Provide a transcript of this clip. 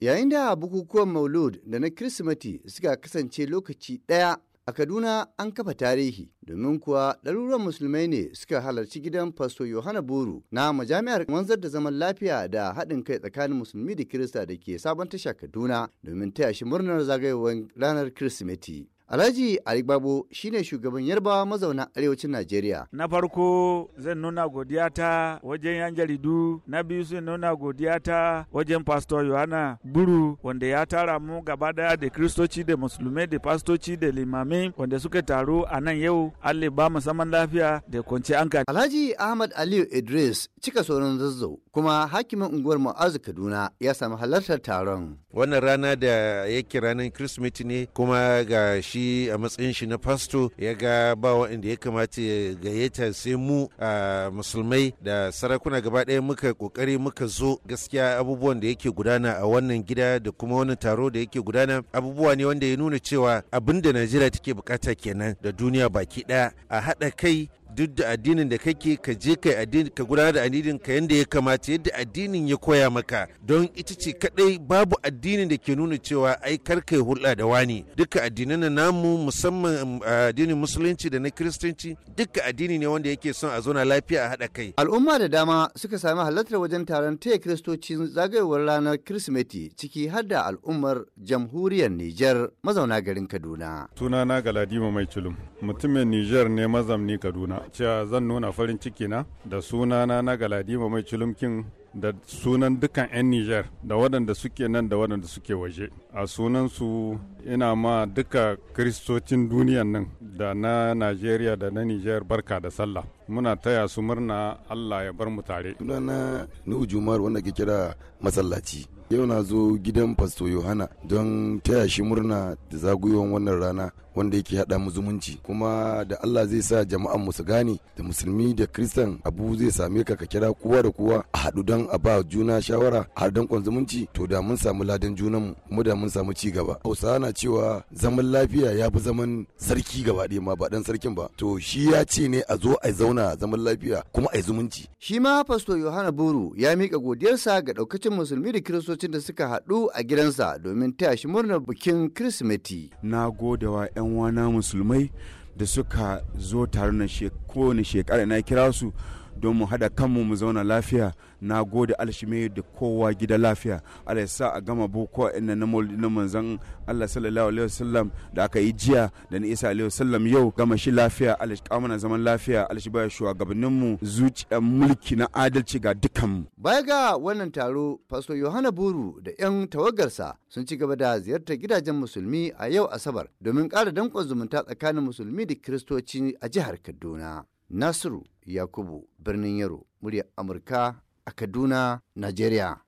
Yayin da bukukuwan Maulud da na Kirsimeti suka kasance lokaci ɗaya a Kaduna an kafa tarihi domin kuwa ɗaruruwan musulmai ne suka halarci gidan Fasto Yohana buru na majami'ar wanzar da zaman lafiya da haɗin kai tsakanin musulmi da Kirista da ke sabon tasha Kaduna domin taya shi murnar zagayowar ranar Kirsimeti. Alhaji Arigbabo shine shugaban Yarba mazauna arewacin Najeriya. Na farko zan nuna godiya ta wajen yan jaridu, na biyu zan nuna godiya ta wajen Pastor Yohana Buru wanda ya tara mu gaba daya da Kristoci da Musulmai da Pastoci da limami wanda suka taru a nan yau Allah ba mu saman lafiya da kwanci anka. Alhaji Ahmad Aliyu Idris cika sauran zazzau kuma hakimin unguwar Mu'azu Kaduna ya samu halartar taron. Wannan rana da yake ranar Kirsimeti ne kuma ga shi shi a matsayin shi na fasto ya ga ba waɗanda ya kamata ya gayyata sai mu a musulmai da sarakuna gaba ɗaya muka kokari muka zo gaskiya abubuwan da yake gudana a wannan gida da kuma wani taro da yake gudana abubuwa ne wanda ya nuna cewa abin da najeriya take bukata kenan da duniya baki ɗaya a haɗa kai duk da addinin da kake ka je ka addini ka gudanar da addinin ka yanda ya kamata yadda addinin ya koya maka don ita ce kadai babu addinin da ke nuna cewa ai kar kai hulɗa da wani duka addinan na namu musamman um, addinin musulunci da na kiristanci duka addini ne wanda yake son a zauna lafiya a haɗa kai al'umma da dama suka sami halartar wajen taron taya kiristocin zagayowar ranar kirsimeti ciki har da al'ummar jamhuriyar Nijar mazauna garin Kaduna tunana Galadima Mai mutumin Nijar ne mazamni Kaduna na cewa zan nuna farin ciki na da sunana na galadima mai culumkin da sunan dukan 'yan Nijar da waɗanda suke nan da waɗanda suke waje a sunansu ina ma duka kiristocin duniyan nan da na Najeriya da na Nijar barka da sallah muna taya su murna Allah ya bar mu tare sunana Nuhu Jumar wanda ke kira masallaci yau na zo gidan Pastor Yohana don taya shi murna da zaguyon wannan rana wanda yake haɗa mu zumunci kuma da Allah zai sa jama'an mu su gane da musulmi da kristan abu zai same ka ka kira kowa da kowa a haɗu don a ba juna shawara a haɗu don zumunci to da mun samu ladan junan mu kuma da mun samu ci gaba hausa na cewa zaman lafiya ya fi zaman sarki gaba ɗaya ma ba dan sarkin ba to shi ya ce ne a zo a zauna zaman lafiya kuma a zumunci shi ma fasto Yohana Buru ya miƙa godiyarsa ga ɗaukacin musulmi da kiristocin da suka haɗu a gidansa domin taya shi murnar bikin Kirsimeti na godewa 'yan 'yan uwana musulmai da suka zo taron kowane shekara na kira su don mu hada kanmu mu zauna lafiya na gode alshime da kowa gida lafiya allah sa a gama boko inna na na manzan allah sallallahu alaihi wasallam da aka yi jiya da na isa alaihi wasallam yau gama shi lafiya allah na zaman lafiya allah shi baya shugabannin mu zuciyar mulki na adalci ga dukkan mu baya ga wannan taro fasto yohana buru da yan tawagarsa sun ci gaba da ziyartar gidajen musulmi a yau asabar domin ƙara danƙon zumunta tsakanin musulmi da kiristoci a jihar kaduna Nasiru Yakubu birnin Yaro, Murya, Amurka a Kaduna, Najeriya.